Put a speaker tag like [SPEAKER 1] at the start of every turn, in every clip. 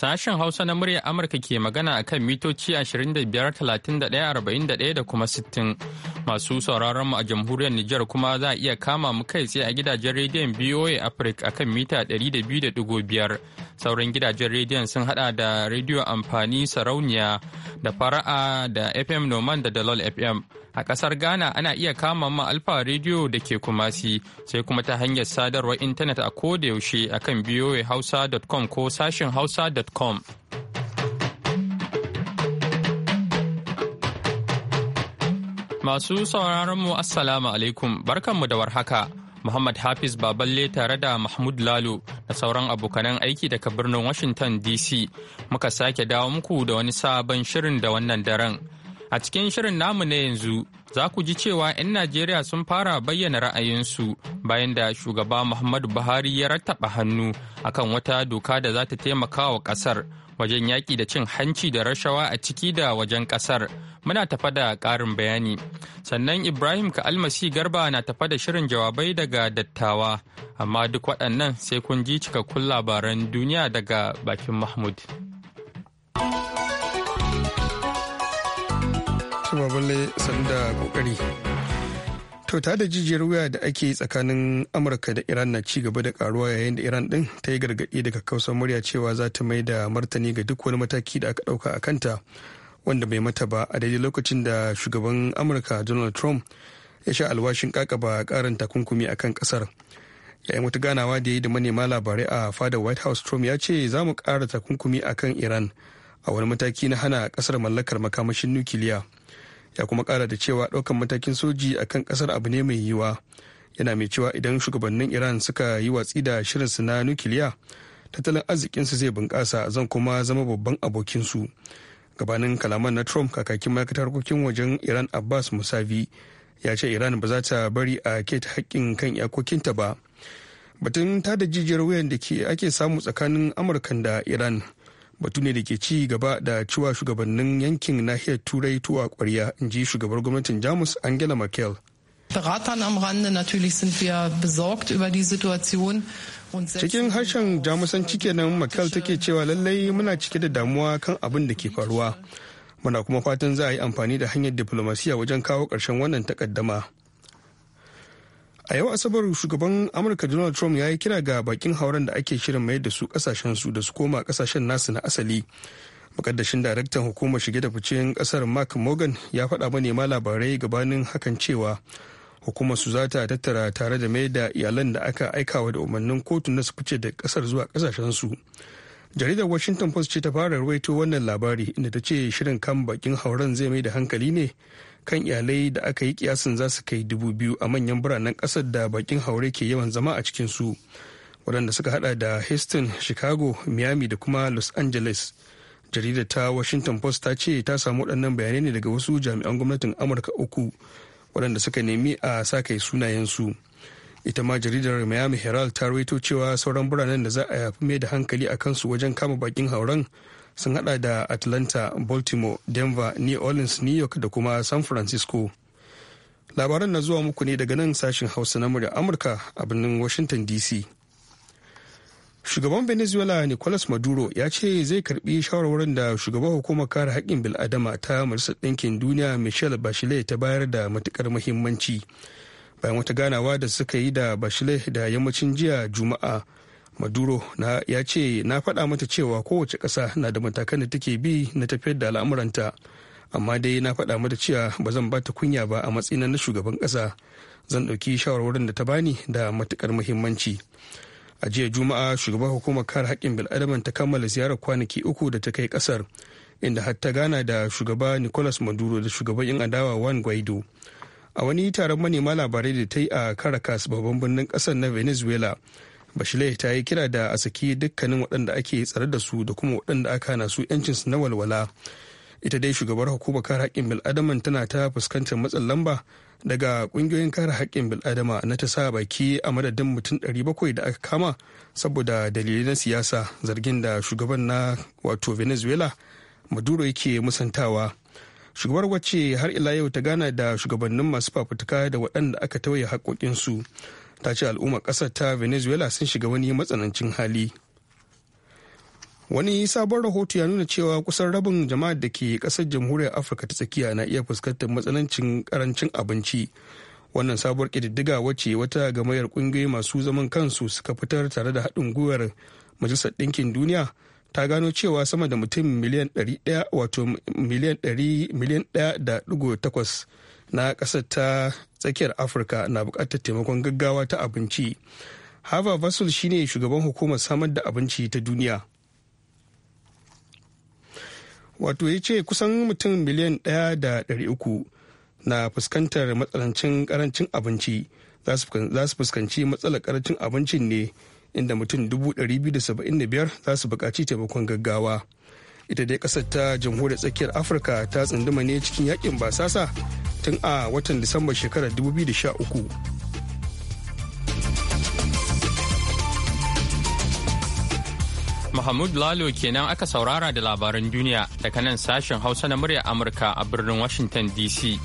[SPEAKER 1] Sashen Hausa na muryar Amurka ke magana a kan mitoci 25,31,41 da kuma 60. Masu sauraron mu a jamhuriyar Nijar kuma za a iya kama mu kai tsaye a gidajen rediyon BOA Africa a kan mita 200.5. Sauran gidajen rediyon sun hada da rediyo amfani sarauniya da fara'a da FM Noman da Dalol FM. A ƙasar Ghana ana iya kama ma Alfa rediyo da ke Kumasi sai kuma ta hanyar sadarwar intanet a kodayaushe a kan hausa.com ko sashin hausa.com. Masu sauraronmu Assalamu alaikum barkanmu da warhaka. Muhammad Hafiz Baballe tare da Mahmud Lalo da sauran abokanan aiki daga birnin Washington DC muka sake dawo muku da wani sabon shirin da wannan daren. A cikin shirin namu na yanzu za ku ji cewa 'yan Najeriya sun fara bayyana ra'ayinsu bayan da shugaba Muhammadu Buhari ya rattaba hannu akan wata doka da za ta taimaka wa ƙasar wajen yaƙi da cin hanci da rashawa a ciki da wajen ƙasar. Muna tafa da ƙarin bayani. Sannan Ibrahim Ka'almasi Garba na tafa da shirin jawabai daga dattawa, amma duk waɗannan sai kun ji cikakkun labaran duniya daga bakin Mahmud.
[SPEAKER 2] to baballe sanu da kokari to ta da jijiyar wuya da ake tsakanin amurka da iran na ci gaba da karuwa yayin da iran din ta yi gargaɗi daga kausar murya cewa za ta mai da martani ga duk wani mataki da aka ɗauka a kanta wanda bai mata ba a daidai lokacin da shugaban amurka donald trump ya sha alwashin kakaba karin takunkumi a kan kasar yayin wata ganawa da ya yi da manema labarai a fadar white house trump ya ce za mu kara takunkumi a kan iran a wani mataki na hana kasar mallakar makamashin nukiliya ya kuma kara da cewa daukan matakin soji a kan kasar abu ne mai yiwuwa yana mai cewa idan shugabannin iran suka yi watsi da shirinsu na nukiliya tattalin arzikinsu zai bunƙasa zan kuma zama babban abokinsu gabanin kalaman na trump kakakin ma'aikatar harkokin wajen iran abbas musavi ya ce iran ba za ta bari a keta haƙƙin kan iyakokinta ba batun tada jijiyar wuyan da ake samu tsakanin amurkan da iran batu ne da ke ci gaba da cewa shugabannin yankin nahiyar turai tuwa kwarya in ji shugabar gwamnatin jamus angela merkel Beratern
[SPEAKER 3] am Rande natürlich sind wir besorgt über die Cikin
[SPEAKER 2] harshen jamusanci kenan makel take cewa lallai muna cike da damuwa kan abin da ke faruwa. Muna kuma fatan za a yi amfani da hanyar diplomasiya wajen kawo ƙarshen wannan takaddama. a yau asabar shugaban amurka donald trump ya yi kira ga bakin hauren da ake shirin mayar da su kasashen su da su koma kasashen nasu na asali makaddashin daraktan hukumar shige da ficen kasar mark morgan ya faɗa manema labarai gabanin hakan cewa hukumar su za ta tattara tare da mai da iyalan da aka aikawa da umarnin kotu na su fice da kasar zuwa kasashen su jaridar washington post ce ta fara ruwaito wannan labari inda ta ce shirin kan bakin hauren zai mai da hankali ne kan iyalai da aka yi kiyasin za su kai dubu biyu a manyan biranen ƙasar da bakin haure ke yawan zama a cikinsu waɗanda suka hada da houston chicago miami da kuma los angeles jaridar ta washington post ta ce ta samu waɗannan bayanai ne daga wasu jami'an gwamnatin amurka uku waɗanda suka nemi a sa kai sunayensu ita ma jaridar miami herald ta rawaito cewa sauran biranen da za a yafi mai da hankali a kansu wajen kama bakin hauren sun hada da atlanta baltimore denver new orleans new york da kuma san francisco labaran na zuwa muku ne daga nan sashen hausa na murya amurka a birnin washington dc shugaban venezuela nicolas maduro ya ce zai karbi shawarwarin da shugaban hukumar kare haƙƙin bil'adama ta majalisar ɗinkin duniya michelle bachelet ta bayar da matukar muhimmanci bayan wata ganawa da suka yi da bachelet da yammacin jiya juma'a maduro na ya ce na faɗa mata cewa kowace ƙasa na da matakan da take bi na tafiyar da al'amuranta amma dai na faɗa mata cewa ba zan bata kunya ba a matsayina na shugaban ƙasa zan ɗauki shawarwarin da ta bani da matuƙar muhimmanci a jiya juma'a shugaban hukumar kare haƙƙin bil'adaman ta kammala ziyarar kwanaki uku da ta kai ƙasar inda har ta gana da shugaba nicolas maduro da shugaban yan adawa juan guaido a wani taron manema labarai da ta yi a caracas babban birnin ƙasar na venezuela bashile ta yi kira da a saki dukkanin waɗanda ake tsare da su da kuma waɗanda aka na su yancinsu na walwala ita dai shugabar hukumar kare haƙƙin bil'adaman tana ta fuskantar matsin lamba daga ƙungiyoyin kare haƙƙin bil'adama na ta sa baki a madadin mutum 700 da aka kama saboda dalilai na siyasa zargin da shugaban na wato venezuela maduro yake musantawa shugabar wacce har ila yau ta gana da shugabannin masu fafutuka da waɗanda aka tauye haƙoƙinsu su ta ce al'ummar ƙasar ta venezuela sun shiga wani matsanancin hali wani sabon rahoto ya nuna cewa kusan rabin jama'ar da ke ƙasar jamhuriyar afirka ta tsakiya na iya fuskantar matsanancin karancin abinci wannan sabuwar ƙididdiga wacce wata gamayar ƙungiyoyi masu zaman kansu suka fitar tare da haɗin gwiwar majalisar ɗinkin duniya ta gano cewa sama da mutum miliyan 100 wato miliyan 100 miliyan 1.8 na ƙasar ta tsakiyar afirka na buƙatar taimakon gaggawa ta abinci hava vasul shine shugaban hukumar samar da abinci ta duniya wato ya ce kusan mutum miliyan ɗaya da ɗari uku na fuskantar matsalancin karancin abinci za su fuskanci matsalar karancin abincin ne inda mutum dubu da da saba'in biyar za su buƙaci taimakon gaggawa ita dai ƙasar ta jamhuriyar tsakiyar afirka ta tsunduma ne cikin yakin basasa tun a watan Disamba shekarar 2013.
[SPEAKER 1] Mahmud Lalo kenan aka saurara da labaran duniya daga nan sashen Hausa na murya Amurka a birnin Washington DC.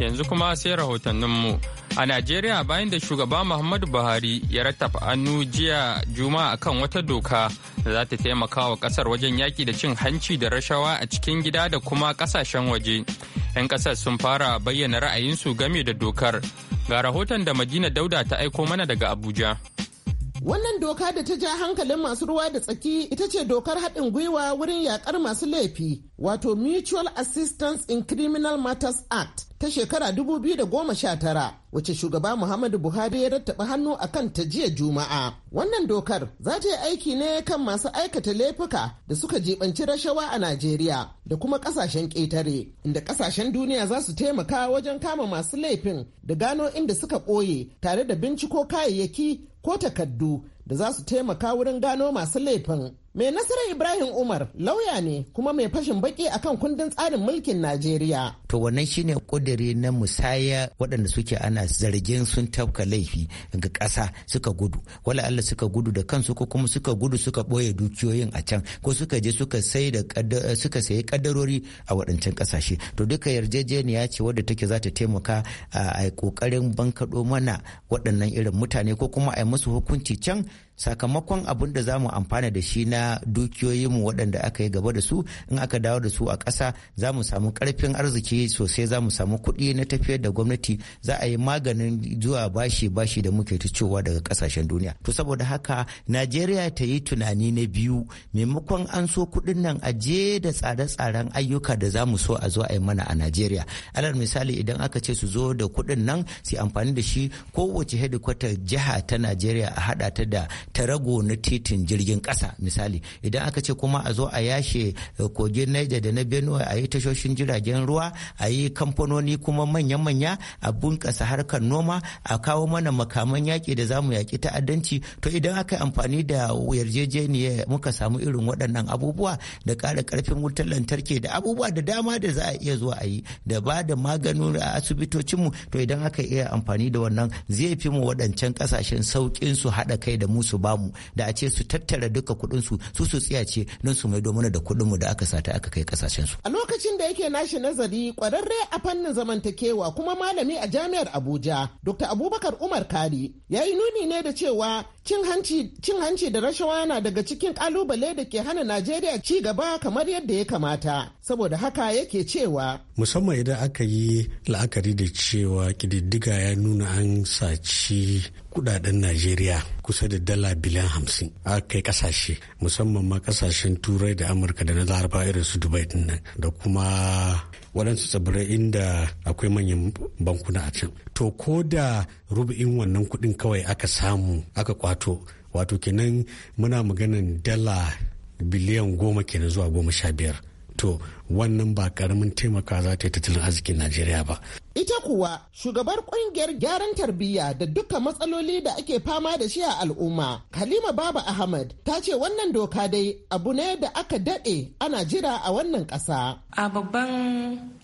[SPEAKER 1] Yanzu kuma sai rahotanninmu. A Najeriya bayan da shugaba Muhammadu Buhari ya rattafa hannu jiya Juma'a akan wata doka da za ta taimaka wa kasar wajen yaki da cin hanci da rashawa a cikin gida da kuma ƙasashen waje. 'Yan ƙasar sun fara bayyana ra'ayinsu game da dokar. Ga rahoton da Madina Dauda ta aiko mana daga Abuja.
[SPEAKER 4] Wannan doka da ta ja hankalin masu ruwa da tsaki ita ce dokar haɗin gwiwa wurin yakar masu laifi, wato Mutual Assistance in Criminal Matters Act ta shekara 2019, Wace shugaba Muhammadu Buhari ya rattaba hannu a kan ta jiya Juma'a. Wannan dokar za ta yi aiki ne kan masu aikata laifuka da suka jibanci rashawa a Najeriya da kuma ƙasashen ƙetare, inda ƙasashen duniya za su taimaka wajen kama masu laifin da gano inda suka ɓoye tare da binciko kayayyaki ko takaddu da za su taimaka wurin gano masu laifin Mai nasarar Ibrahim Umar lauya ne kuma mai fashin baki akan kundin tsarin mulkin Najeriya.
[SPEAKER 5] To wannan shine kudiri na musaya waɗanda suke ana zargin sun tafka laifi ga ƙasa suka gudu. Wala Allah suka gudu da kansu ko kuma suka gudu suka ɓoye dukiyoyin a can ko suka je suka sai da suka sayi kaddarori a waɗancan ƙasashe. To duka yarjejeniya ce wadda take za ta taimaka a ƙoƙarin bankaɗo mana waɗannan irin mutane ko kuma a musu hukunci can sakamakon abin da za mu amfana da shi na dukiyoyinmu waɗanda aka yi gaba da su in aka dawo da su a ƙasa za mu samu ƙarfin arziki sosai za mu samu kuɗi na tafiyar da gwamnati za a yi maganin zuwa bashi bashi da muke ta cewa daga ƙasashen duniya to saboda haka najeriya ta yi tunani na biyu maimakon an so kuɗin nan a je da tsare-tsaren ayyuka da za mu so a zo a yi mana a najeriya alal misali idan aka ce su zo da kuɗin nan su amfani da shi kowace hedikwatar jiha ta najeriya a haɗa ta da ta rago na titin jirgin ƙasa misali idan aka ce kuma a zo a yashe eh, kogin Niger da na Benue a yi tashoshin jiragen ruwa a yi kamfanoni kuma manya-manya a bunkasa harkar noma a kawo mana makaman yaƙi da zamu yaƙi ta'addanci to idan aka yi amfani da yarjejeniya muka samu irin waɗannan abubuwa da ƙara ƙarfin wutar lantarki da abubuwa da dama da za a iya zuwa a yi da ba da maganin a asibitocinmu to idan aka iya amfani da wannan zai fi mu waɗancan ƙasashen sauƙin su haɗa kai da musu bamu da a ce su tattara duka kuɗin su su su ce don su maido mana da kuɗin mu da aka sata aka kai kasashen su
[SPEAKER 4] a lokacin da yake nashi nazari kwararre a fannin zamantakewa kuma malami a jami'ar Abuja Dr. Abubakar Umar Kari ya yi nuni ne da cewa cin hanci cin hanci da rashawa na daga cikin kalubale da ke hana Najeriya ci gaba kamar yadda ya kamata saboda haka yake cewa
[SPEAKER 2] musamman idan aka yi la'akari da cewa kididdiga ya nuna an saci kudaden najeriya kusa da dala biliyan hamsin a kai kasashe musamman ma kasashen turai da amurka da na laraba irin su dubai din nan da kuma waɗansu tsibirai inda akwai manyan bankuna a can to ko da rubin wannan kuɗin kawai aka samu aka kwato wato kenan muna maganan dala biliyan goma kenan zuwa goma sha biyar to wannan ba karamin taimaka za ta yi tattalin arzikin najeriya ba ita kuwa shugabar kungiyar
[SPEAKER 4] gyaran tarbiyya da duka matsaloli da ake fama da shi a al'umma halima baba ahmad ta ce wannan doka dai abu ne da aka daɗe ana jira a wannan ƙasa
[SPEAKER 3] a babban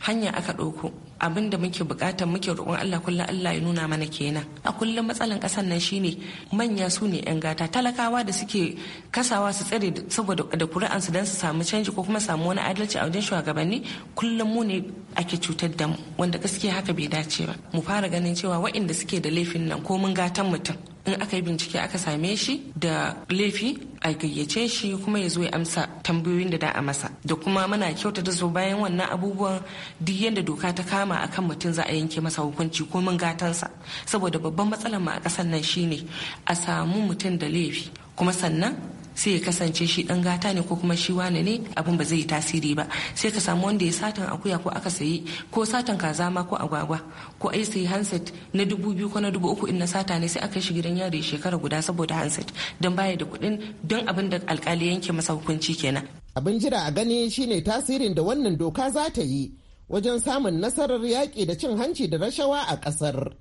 [SPEAKER 3] hanya aka ɗauko abin da muke bukatar muke roƙon Allah kullum Allah ya nuna mana kenan a kullum matsalan ƙasar nan shine manya su ne yan gata talakawa da suke kasawa su tsare saboda da su dan su samu canji ko kuma samu wani adalci a wajen shugabanni kullum mu ne ake cutar da mu wanda gaskiya haka bai dace ba mu fara ganin cewa waɗanda suke da laifin nan ko mun gatan mutum in aka yi bincike aka same shi da laifi a gayyace shi kuma ya zo ya amsa tambayoyin da da a masa da kuma muna kyauta da zo bayan wannan abubuwan duk yadda doka ta kama a kan mutum za a yanke masa hukunci ko mun gatansa saboda babban matsalar mu a ƙasar nan shine a samu mutum da laifi kuma sannan sai ya kasance shi dan gata ne ko kuma shi wane ne abin ba zai yi tasiri ba sai ka samu wanda ya satan akuya ko aka sayi ko satan kaza ma ko agwagwa ko ai sai handset na dubu biyu ko na dubu uku in na sata ne sai aka shi gidan yari shekara guda saboda handset don baya da kuɗin don abin da alkali yanke masa hukunci kenan.
[SPEAKER 4] abin jira a gani shine tasirin da wannan doka za ta yi wajen samun nasarar yaƙi da cin hanci da rashawa a ƙasar.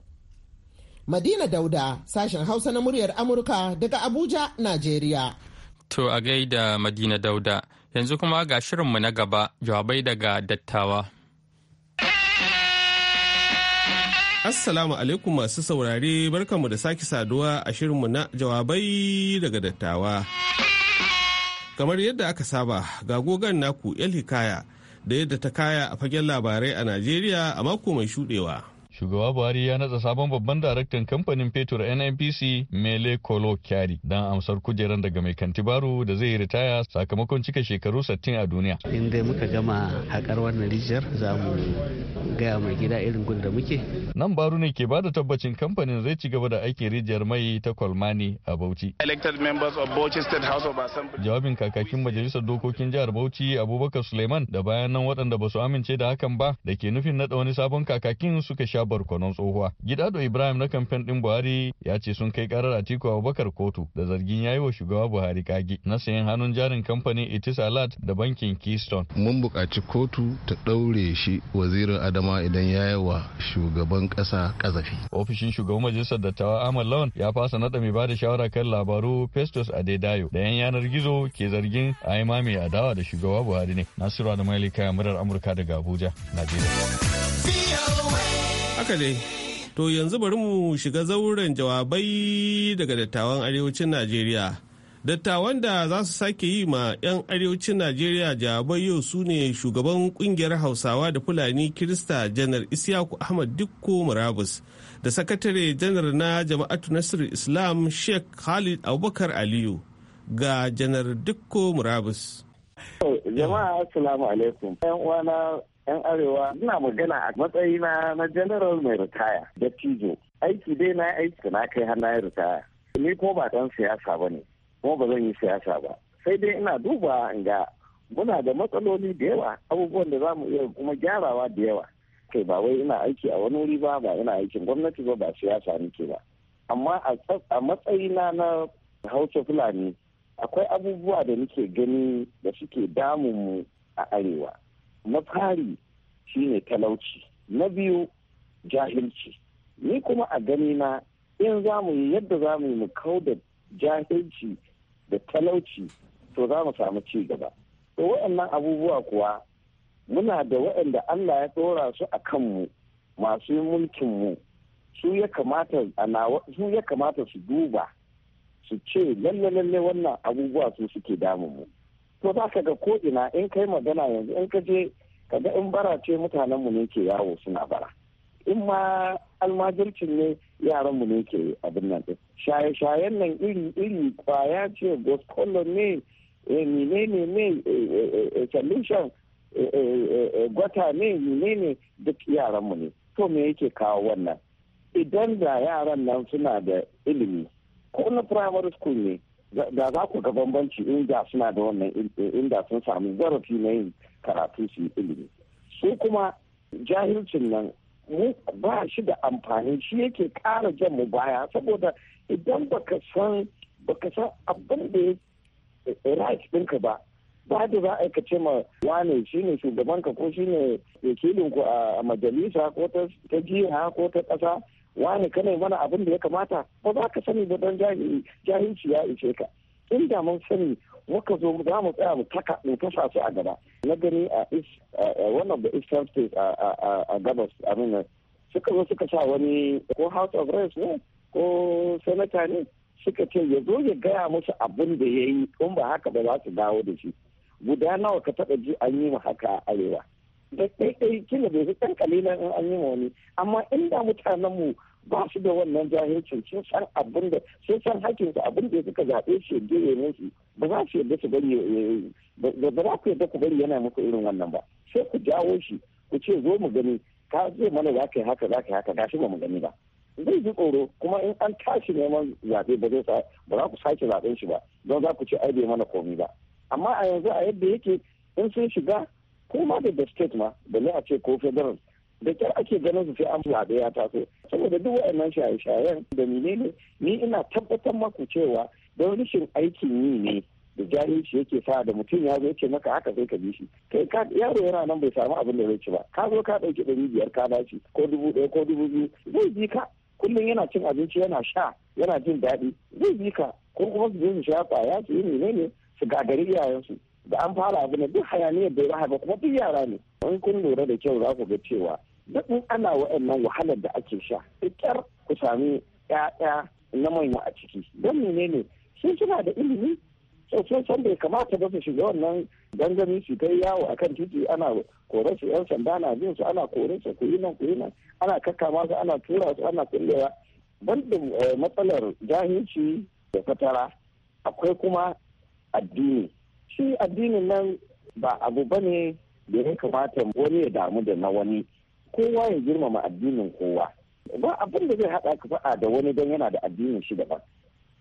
[SPEAKER 4] Madina Dauda, sashen Hausa na muryar Amurka daga Abuja, Najeriya.
[SPEAKER 1] To a gaida Madina Dauda, yanzu kuma ga shirinmu na gaba jawabai daga dattawa.
[SPEAKER 6] Assalamu alaikum masu saurare barkanmu da sake saduwa a shirinmu na jawabai daga dattawa. Kamar yadda aka saba ga gogon naku El Hikaya da yadda
[SPEAKER 7] ta kaya a fagen labarai a Najeriya a mako mai shudewa. shugaba buhari ya natsa sabon babban daraktan kamfanin fetur nnpc mele kolo kyari don amsar kujeran daga mai kantibaru da zai yi ritaya sakamakon cika shekaru 60 a duniya in dai muka gama haƙar wannan rijiyar za mu gaya mai gida irin gun da muke nan baru ne ke bada tabbacin kamfanin zai ci gaba da aikin rijiyar mai ta kwalmani a bauchi jawabin kakakin majalisar dokokin jihar bauchi abubakar suleiman da bayan nan waɗanda ba su amince da hakan ba da ke nufin naɗa wani sabon kakakin suka sha Jabar barkonon tsohuwa. Gidado Ibrahim na kamfen ɗin Buhari ya ce sun kai karar Atiku Abubakar kotu da zargin ya yi wa shugaba Buhari kage na sayan hannun jarin kamfanin Etisalat da bankin Keystone. Mun buƙaci kotu
[SPEAKER 4] ta ɗaure shi wazirin Adama idan ya yi wa shugaban ƙasa ƙazafi.
[SPEAKER 7] Ofishin shugaban majalisar dattawa Ahmad Lawan ya fasa naɗa mai bada shawara kan labaru Festus Adedayo da 'yan yanar gizo ke zargin a yi adawa da shugaba Buhari ne. Nasiru Adamu Malika murar Amurka daga Abuja, Najeriya. Haka dai, to yanzu
[SPEAKER 6] bari mu shiga zauren jawabai daga dattawan arewacin Najeriya. Dattawan da za su sake yi ma 'yan arewacin Najeriya jawabai yau su ne shugaban kungiyar Hausawa da Fulani Kirista Janar Isyaku Ahmad Dikko Murabus da sakatare janar na Jama'atu Nasir Islam Sheikh Khalid Abubakar Aliyu ga janar Dikko Murabus.
[SPEAKER 8] Jama'a Assalamu alaikum. 'Yan uwana 'yan arewa ina magana a matsayina na general mai ritaya da aiki dai na aiki na kai har na yi ritaya ni ko ba dan siyasa ba ne kuma ba zan yi siyasa ba sai dai ina duba in ga muna da matsaloli da yawa abubuwan da za mu iya kuma gyarawa da yawa kai ba wai ina aiki a wani wuri ba ba ina aikin gwamnati ba ba siyasa nake ba amma a matsayina na hausa fulani akwai abubuwa da nake gani da suke damun mu a arewa na fari shine talauci na biyu jahilci ni kuma a gani na in za mu yi yadda za mu yi mu kau da jahilci da talauci to za mu samu ci gaba to waɗannan abubuwa kuwa muna da waɗanda Allah ya tsora su a kanmu masu mulkinmu su ya kamata su ya kamata su duba su ce lalle lalle wannan abubuwa su suke mu. to za ka ga ko ina in kai magana yanzu in ka je ka ga in bara ce mutanen mu ne ke yawo suna bara in ma almajircin ne yaran mu ne ke abin nan din shaye-shayen nan iri iri kwaya ce goskolo ne eh, ne ne ne solution gwata ne ne ne duk yaran mu ne to me yake kawo wannan idan da yaran nan suna da ilimi ko na primary school ne da za ku ga bambanci inda suna da wannan eh, inda sun samu zarafi na yin karatu su yi ilimi su kuma jahilcin nan mu ba shi da amfani shi yake ƙara jan mu baya saboda idan baka san baka san abin da ya eh, right ɗinka ba ba da za a ce ma wane shi ne shugabanka ko shi ne ku a majalisa ko ta jiha ko ta ƙasa wani kane mana abin da ya kamata ba za ka sani ba don jahilci ya ishe ka inda mun sani muka zo za mu tsaya mu taka mu tasa su a gaba na gani a wannan da eastern states a gabas a nuna uh, suka zo suka sa wani ko house of reps ne ko senator ne suka ce ya zo ya gaya musu abin da ya yi in ba haka ba za su dawo da shi guda nawa ka taɓa ji an yi haka a arewa da kai kai kila bai kalilan an yi wani amma inda mutanen mu ba su da wannan jahilcin sun san abin da sun san hakkin su abin da suka zaɓe shi da ya su ba za su yadda su bari ba za ku yadda ku bari yana muku irin wannan ba sai ku jawo shi ku ce zo mu gani ka zai mana za ka yi haka za ka yi haka ga shi ba mu gani ba zai ji tsoro kuma in an tashi neman zaɓe ba zai sa ba za ku sake zaɓen shi ba don za ku ce ai bai mana komi ba amma a yanzu a yadda yake in sun shiga ko ma da state ma da ne a ce ko federal da kyar ake ganin su sai an zaɓe ya taso saboda duk wayannan shaye-shayen da menene ni ina tabbatar maku cewa wani shin aikin yi ne da jahilci yake sa da mutum ya zo maka haka sai ka bi shi kai ka yaro yana nan bai samu abin da zai ci ba ka zo ka ɗauki ɗari biyar ka dace ko dubu ɗaya ko dubu biyu zai bi ka kullum yana cin abinci yana sha yana jin daɗi zai bi ka ko kuma su je su sha da an fara abu na duk hayaniyar bai raha ba kuma duk yara ne in kun lura da kyau za ku ga cewa duk in ana wa'annan wahalar da ake sha ƙyar ku sami ƴaƴa na manya a ciki don ne sun suna da ilimi sosai san bai kamata ba su shiga wannan gangami su kai yawo a kan titi ana kore su yan sanda na bin su ana kore su ku yi nan ku yi nan ana kakkama su ana tura su ana kullewa banda eh, matsalar jahilci da fatara akwai kuma addini shi addinin nan ba abu ba ne da ya kamata wani ya damu da na wani kowa ya girmama addinin kowa ba abin da zai haɗa ka faɗa da wani don yana da addinin shi daban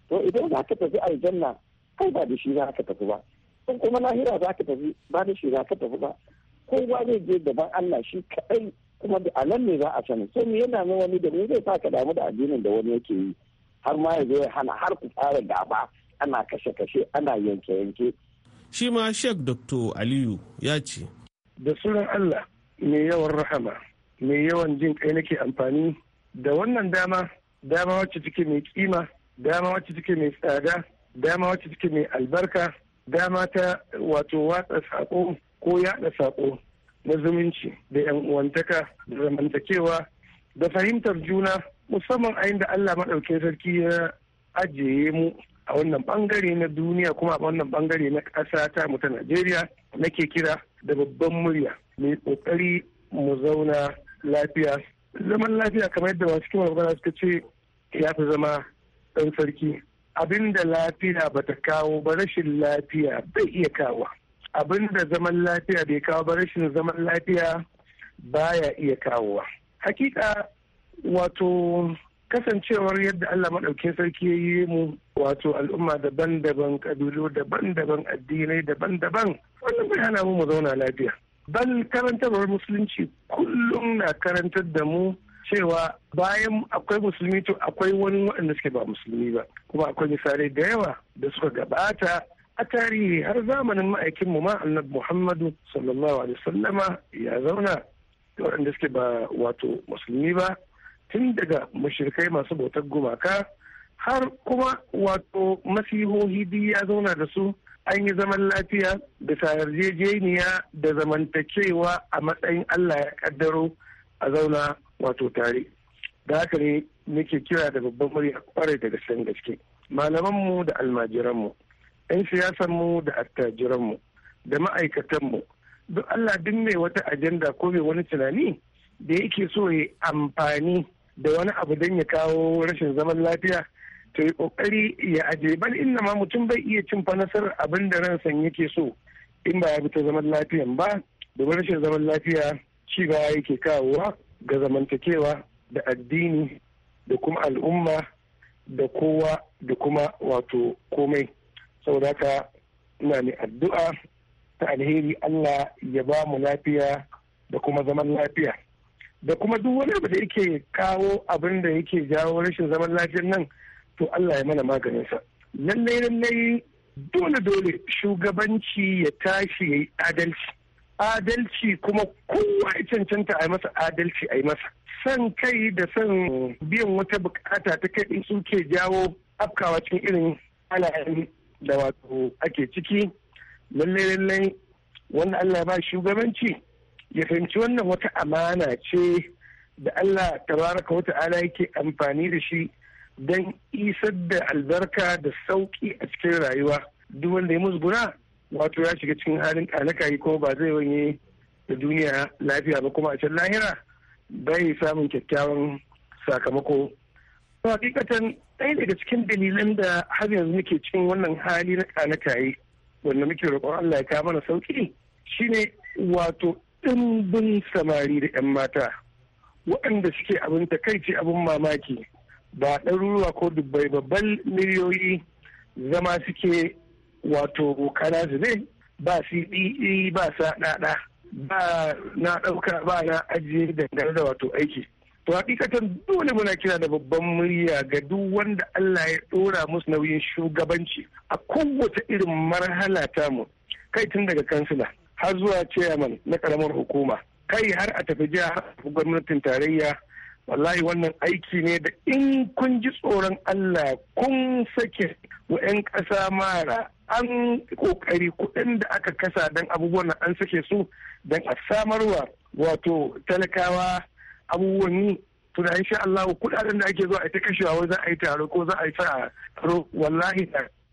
[SPEAKER 8] to idan za ka tafi aljanna kai ba da shi za ka tafi ba in kuma lahira za ka tafi ba da shi za ka tafi ba kowa zai je daban Allah shi kaɗai kuma da anan ne za a sani so mu yana na wani da mu zai sa ka damu da addinin da wani yake yi har ma ya zo ya hana har ku fara gaba ana kashe-kashe ana yanke-yanke
[SPEAKER 6] shi ma sheikh dr aliyu ya ce da sunan
[SPEAKER 9] allah mai yawan rahama mai yawan jin kai nake amfani da wannan dama dama wacce take mai kima dama wacce take mai tsada dama wacce take mai albarka dama ta wato watsa saƙo ko yaɗa saƙo na zumunci da yan uwantaka da zamantakewa da fahimtar juna musamman a inda Allah maɗaukin sarki ya ajiye mu a wannan bangare na duniya kuma a wannan bangare na ƙasa ta mu ta Najeriya nake kira da babban murya mai kokari mu zauna lafiya zaman lafiya kamar yadda masu kima magana suka ce ya fi zama ɗan sarki abinda lafiya ba ta kawo ba rashin lafiya bai iya kawo abinda zaman lafiya bai kawo ba rashin zaman lafiya baya iya kawowa hakika wato kasancewar yadda Allah maɗauke sarki ya yi mu wato al'umma daban-daban ƙabilu daban-daban addinai daban-daban wannan bai hana mu mu zauna lafiya bal karantarwar musulunci kullum na karantar da mu cewa bayan akwai musulmi to akwai wani waɗanda suke ba musulmi ba kuma akwai misalai da yawa da suka gabata a tarihi har zamanin ma'aikin mu ma annabi muhammadu sallallahu alaihi wasallama ya zauna da waɗanda suke ba wato musulmi ba tun daga mashirkai masu bautar gumaka har kuma wato masihohi biyu ya zauna da su an yi zaman lafiya da yarjejeniya da zamantakewa a matsayin Allah ya kaddaro a zauna wato tare. Da haka ne nake kira da babban murya kwarai da gaske gaske. Malamanmu da almajiranmu, 'yan siyasanmu da attajiranmu, da ma'aikatanmu, duk Allah duk mai wata ajanda ko mai wani tunani da yake so ya amfani da wani abu don ya kawo rashin zaman lafiya to yi kokari ya aje bal inna ma mutum bai iya cin fa nasarar abin da ransan yake so in ba ya bi ta zaman lafiyan ba domin rashin zaman lafiya ci ba yake kawowa ga zamantakewa da addini da kuma al'umma da kowa da kuma wato komai saboda haka ina mai addu'a ta alheri Allah ya ba mu lafiya da kuma zaman lafiya da kuma duk wani abu da yake kawo abin da yake jawo rashin zaman lafiyar nan to Allah ya mana maganinsa lallai lallai dole dole shugabanci ya tashi ya yi adalci adalci kuma kowa ya cancanta a yi masa adalci a yi masa San kai da san biyan wata bukata ta kai suke jawo afkawa cikin irin halayen da wato ake ciki lallai lallai wanda Allah ya ba shugabanci ya fahimci wannan wata amana ce da Allah tabaraka wata ala yake amfani da shi don isar da albarka da sauki a cikin rayuwa duk wanda ya musguna wato ya shiga cikin halin kalakayi ko ba zai wanye da duniya lafiya ba kuma a can lahira bai samun kyakkyawan sakamako to hakikatan ɗaya daga cikin dalilan da har yanzu muke cikin wannan hali na kanakaye wanda muke roƙon Allah ya kawo mana sauki shine wato ɗimbin samari da 'yan mata waɗanda suke abin takaici abin mamaki ba ɗaruruwa ko dubbai babban miliyoyi zama suke wato kana su ne ba cde ba sa ɗaɗa ba na ɗauka ba na ajiye dangane da wato aiki to hakikatan dole muna kira da babban murya ga duk wanda Allah ya ɗora musu nauyin shugabanci a kowace irin marhala tamu kai tun daga kansila har zuwa chairman na karamar hukuma kai har a tafi tafi gwamnatin tarayya wallahi wannan aiki ne da in kun ji tsoron Allah kun sake wa 'yan ƙasa mara an ƙoƙari kuɗin da aka kasa don abubuwan an sake su don a samarwa wato talakawa abubuwan yi tunanin insha Allah kuɗaɗen da ake zuwa a ta kashewa wai za a yi taro ko za a yi taro wallahi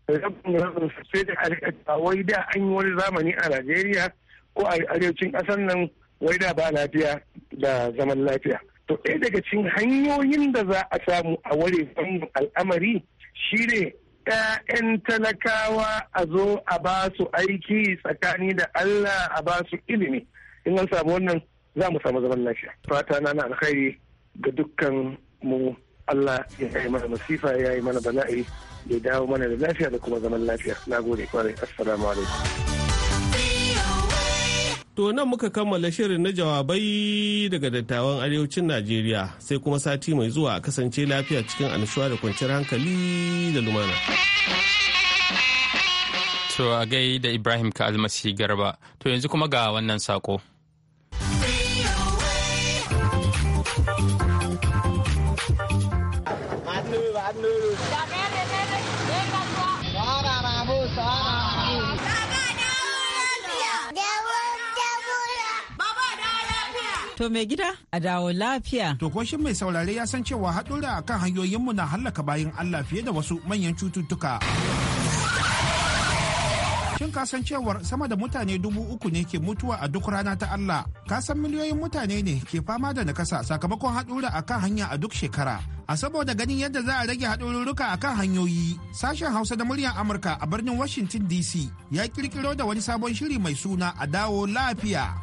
[SPEAKER 9] sai da a wai da an wani zamani a najeriya ko a arewacin ƙasar nan wai da ba lafiya da zaman lafiya to ɗaya daga cikin hanyoyin da za a samu a ware wannan al'amari shi ne ‘ya'yan talakawa a zo a ba su aiki tsakani da Allah a ba su ilimi in an samu wannan za mu samu zaman lafiya fata na na alkhairi ga dukkan mu Allah ya yi mana masifa ya yi mana bala'i ya dawo mana da lafiya da kuma zaman lafiya na gode kwarai assalamu alaikum
[SPEAKER 6] to nan muka kammala shirin na jawabai daga dattawan arewacin najeriya sai kuma sati mai zuwa kasance lafiya cikin annashuwa da kwanciyar hankali da lumana
[SPEAKER 1] to a gai da ibrahim ka almasi garba to yanzu kuma ga wannan sako
[SPEAKER 10] To mai gida a dawo lafiya. To ko mai saurare ya san cewa haɗura akan hanyoyinmu na hallaka bayan Allah fiye da wasu manyan cututtuka. Shin ka san cewar sama da mutane dubu uku ne ke mutuwa a duk rana ta Allah? Ka san miliyoyin mutane ne ke fama da nakasa sakamakon haɗura akan hanya a duk shekara. A saboda ganin yadda za a rage haɗururruka akan hanyoyi, sashen Hausa da muryar Amurka a birnin Washington DC ya kirkiro da wani sabon shiri mai suna a dawo lafiya.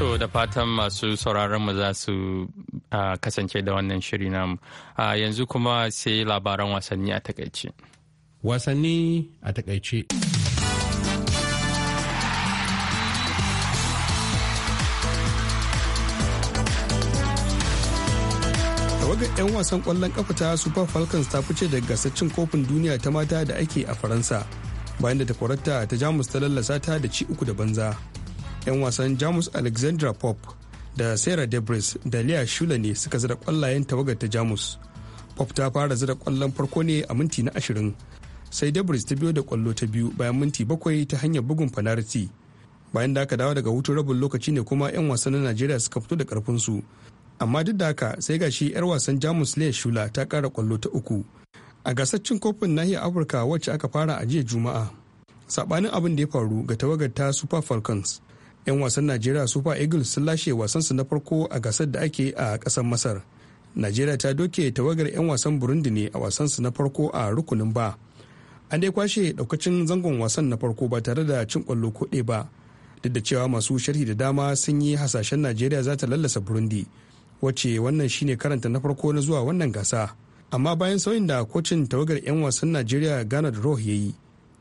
[SPEAKER 1] To da fatan masu sauraron mu za su kasance da wannan shiri namu. Yanzu kuma sai labaran wasanni a takaice.
[SPEAKER 2] Wasanni a takaice. 'yan wasan kwallon kafa ta super falcons ta fice daga gasar kofin duniya ta mata da ake a faransa bayan da ta kwararta ta jamus ta lallasa ta da ci uku da banza 'yan wasan jamus alexandra pop da sarah debris da leah shula ne suka zira kwallayen tawagar ta jamus pop ta fara zira kwallon farko ne a minti na ashirin sai debris ta biyo da kwallo ta biyu bayan minti bakwai ta hanyar bugun fanarti bayan da aka dawo daga hutun rabin lokaci ne kuma 'yan wasan na najeriya suka fito da karfinsu amma duk da haka sai gashi 'yar wasan jamus leah shula ta kara kwallo ta uku a gasar cin kofin nahiyar afirka wacce aka fara a jiya juma'a sabanin abin da ya faru ga tawagar ta super falcons 'yan wasan najeriya super eagles sun lashe wasansu na farko a gasar da ake a ƙasar masar najeriya ta doke tawagar 'yan wasan burundi ne a wasansu na farko a rukunin ba an dai kwashe daukacin zangon wasan na farko ba tare da cin kwallo kuɗe ba duk da cewa masu sharhi da dama sun yi hasashen najeriya za ta lallasa burundi wacce wannan shine karanta na farko na zuwa wannan gasa amma bayan sauyin da kocin tawagar 'yan wasan najeriya ghana da roh ya yi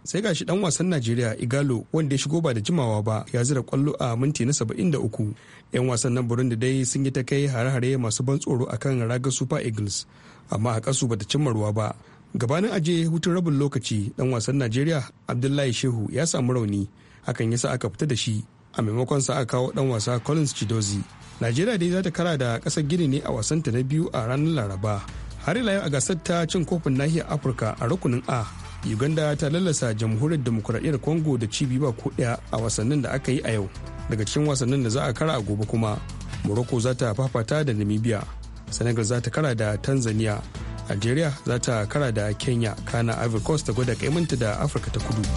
[SPEAKER 2] sai gashi dan wasan najeriya igalo wanda ya shigo ba da jimawa ba ya zira kwallo a minti na saba'in da uku. yan wasan nan burundi dai sun yi ta kai hare-hare masu ban tsoro akan raga super eagles amma a kasu bata cimma ruwa ba gabanin aje hutun rabin lokaci dan wasan najeriya abdullahi shehu ya samu rauni hakan yasa aka fita da shi a maimakon sa aka kawo dan wasa collins chidozi najeriya dai za ta kara da kasar gini ne a wasanta na biyu a ranar laraba har ila yau a gasar ta cin kofin nahiyar afirka a rukunin a uganda ta lallasa jamhuriyar demokuraɗiyyar congo da cibi ba ko ɗaya a wasannin da aka yi a yau daga cikin wasannin da za a kara a gobe kuma morocco za ta fafata da namibia senegal za ta kara da tanzania algeria za ta kara da kenya kana ivory coast ta gwada kaimanta da afirka ta kudu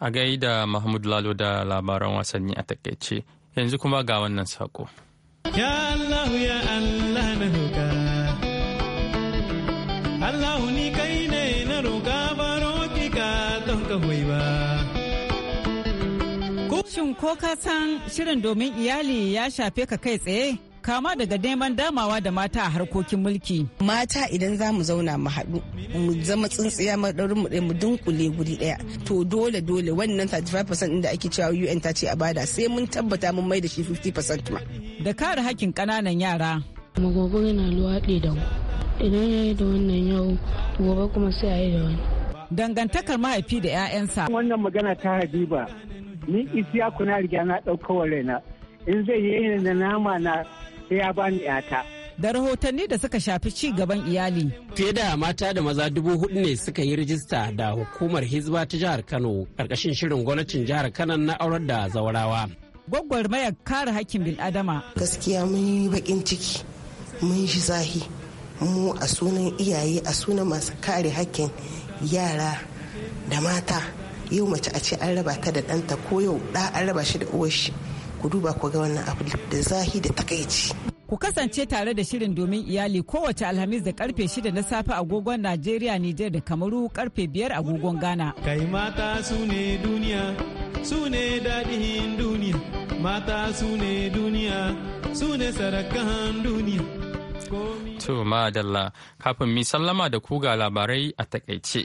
[SPEAKER 1] a da mahmud lalo da labaran wasanni a takaice yanzu kuma ga wannan sako
[SPEAKER 6] Allah ni kai ne na roƙa baro don ka ba.
[SPEAKER 4] Shin ko ka san
[SPEAKER 3] shirin domin iyali ya shafe ka kai tsaye? kama daga neman damawa da mata a harkokin mulki. Mata idan za mu zauna mu haɗu mu zama tsintsiya ɗaurin mu ɗaya mu dunkule guri ɗaya to dole dole wannan 35% da ake cewa UN ta ce a bada sai mun tabbata mun mai da shi 50% ma. Da kare hakkin ƙananan yara magobe yana luwaɗi da mu idan ya yi da wannan yau gobe kuma sai a yi da wani dangantakar
[SPEAKER 4] mahaifi da 'ya'yansa wannan magana ta habiba ni isiya kuna riga na wa raina in zai yi da nama na sai ya bani 'yata da rahotanni da
[SPEAKER 3] suka shafi ci gaban iyali.
[SPEAKER 4] Fiye da mata da maza dubu hudu ne suka yi rijista da hukumar Hizba ta jihar Kano karkashin shirin gwamnatin jihar Kano na aurar da zaurawa.
[SPEAKER 3] mayar kare hakkin bil'adama. Gaskiya mun yi bakin ciki mun shi zahi mu a sunan iyaye a sunan masu kare hakkin yara da mata yau mace a ce an raba ta da ɗanta ko yau ɗa an raba shi da uwar shi ku duba ku ga wannan abu da zahi da takaici
[SPEAKER 4] ku kasance tare da shirin domin iyali kowace alhamis da karfe 6 na safe agogon najeriya nijar da kamaru karfe 5 agogon
[SPEAKER 6] ghana kai mata su ne duniya su ne daɗin duniya mata su ne duniya su ne sarakan duniya
[SPEAKER 1] To madalla kafin mi sallama da ku ga labarai a takaice.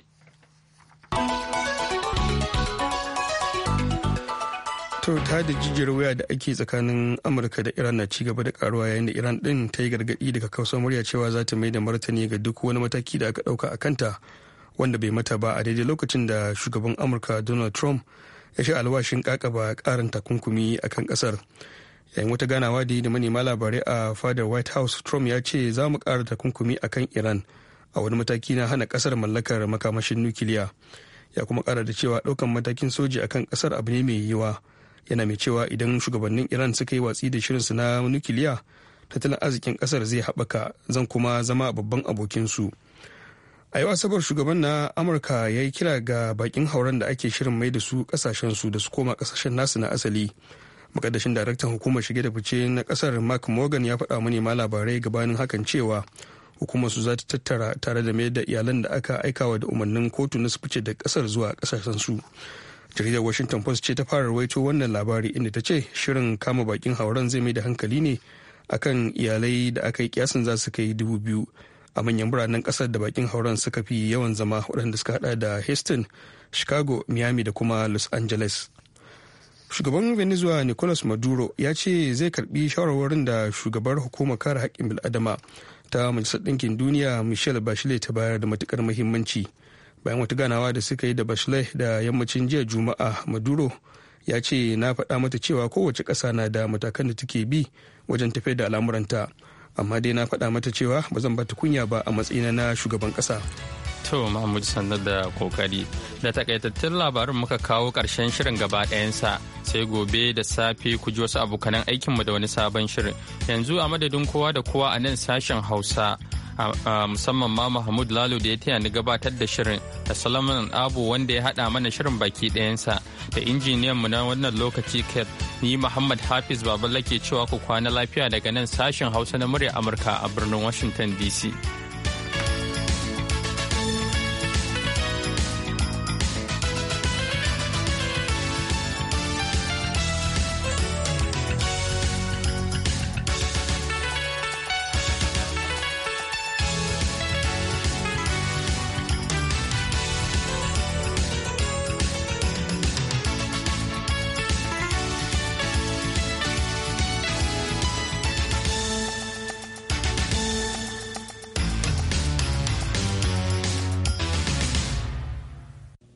[SPEAKER 2] To ta da jijiyar waya da ake tsakanin Amurka da Iran na ci gaba da karuwa yayin da Iran din ta yi gargaɗi daga kausar murya cewa za ta mai da martani ga duk wani mataki da aka ɗauka a kanta wanda bai mata ba a daidai lokacin da shugaban Amurka Donald Trump ya sha alwashin kakaba karin takunkumi akan ƙasar. yayin wata ganawa da yi da manema labarai a fadar white house trump ya ce za mu ƙara takunkumi a kan iran a wani mataki na hana kasar mallakar makamashin nukiliya ya kuma ƙara da cewa ɗaukan matakin soji akan ƙasar abu ne mai yiwa yana mai cewa idan shugabannin iran suka yi watsi da shirinsu na nukiliya tattalin arzikin ƙasar zai haɓaka zan kuma zama babban abokinsu a yau asabar shugaban na amurka ya yi kira ga bakin hauren da ake shirin mai da su su da su koma kasashen nasu na asali makaddashin daraktan hukumar shige da fice na kasar mark morgan ya faɗa ma labarai gabanin hakan cewa hukumar su za ta tattara tare da mayar da iyalan da aka aikawa da umarnin kotu na su fice da kasar zuwa kasashen su jaridar washington post ce ta fara rawaito wannan labari inda ta ce shirin kama bakin hauran zai mai da hankali ne akan iyalai da aka yi kiyasin za su kai dubu biyu a manyan biranen kasar da bakin hauran suka fi yawan zama waɗanda suka hada da houston chicago miami da kuma los angeles shugaban venezuela nicolas maduro ya ce zai karbi shawarwarin da shugabar hukumar kare haƙƙin bil'adama ta majalisar ɗinkin duniya michelle bachelet ta bayar da matukar muhimmanci bayan wata ganawa da suka yi da bachelet da yammacin jiya juma'a maduro ya ce na faɗa mata cewa kowace ƙasa na da matakan da take bi wajen tafiyar da al'amuranta amma dai na faɗa mata cewa ba zan bata kunya ba a matsayina na shugaban ƙasa
[SPEAKER 1] To Mahmudu sannu da kokari. Da takaitattun labarin muka kawo ƙarshen shirin gaba ɗayansa sai gobe da safe ku ji wasu abokanan aikinmu da wani sabon shirin. Yanzu a madadin kowa da kowa a nan sashen Hausa. musamman ma Mahmud Lalo da ya taya ni gabatar da shirin da Solomon Abu wanda ya haɗa mana shirin baki ɗayansa da injiniyan mu na wannan lokaci kai ni Muhammad Hafiz Baballa ke cewa ku kwana lafiya daga nan sashen Hausa na murya Amurka a birnin Washington DC.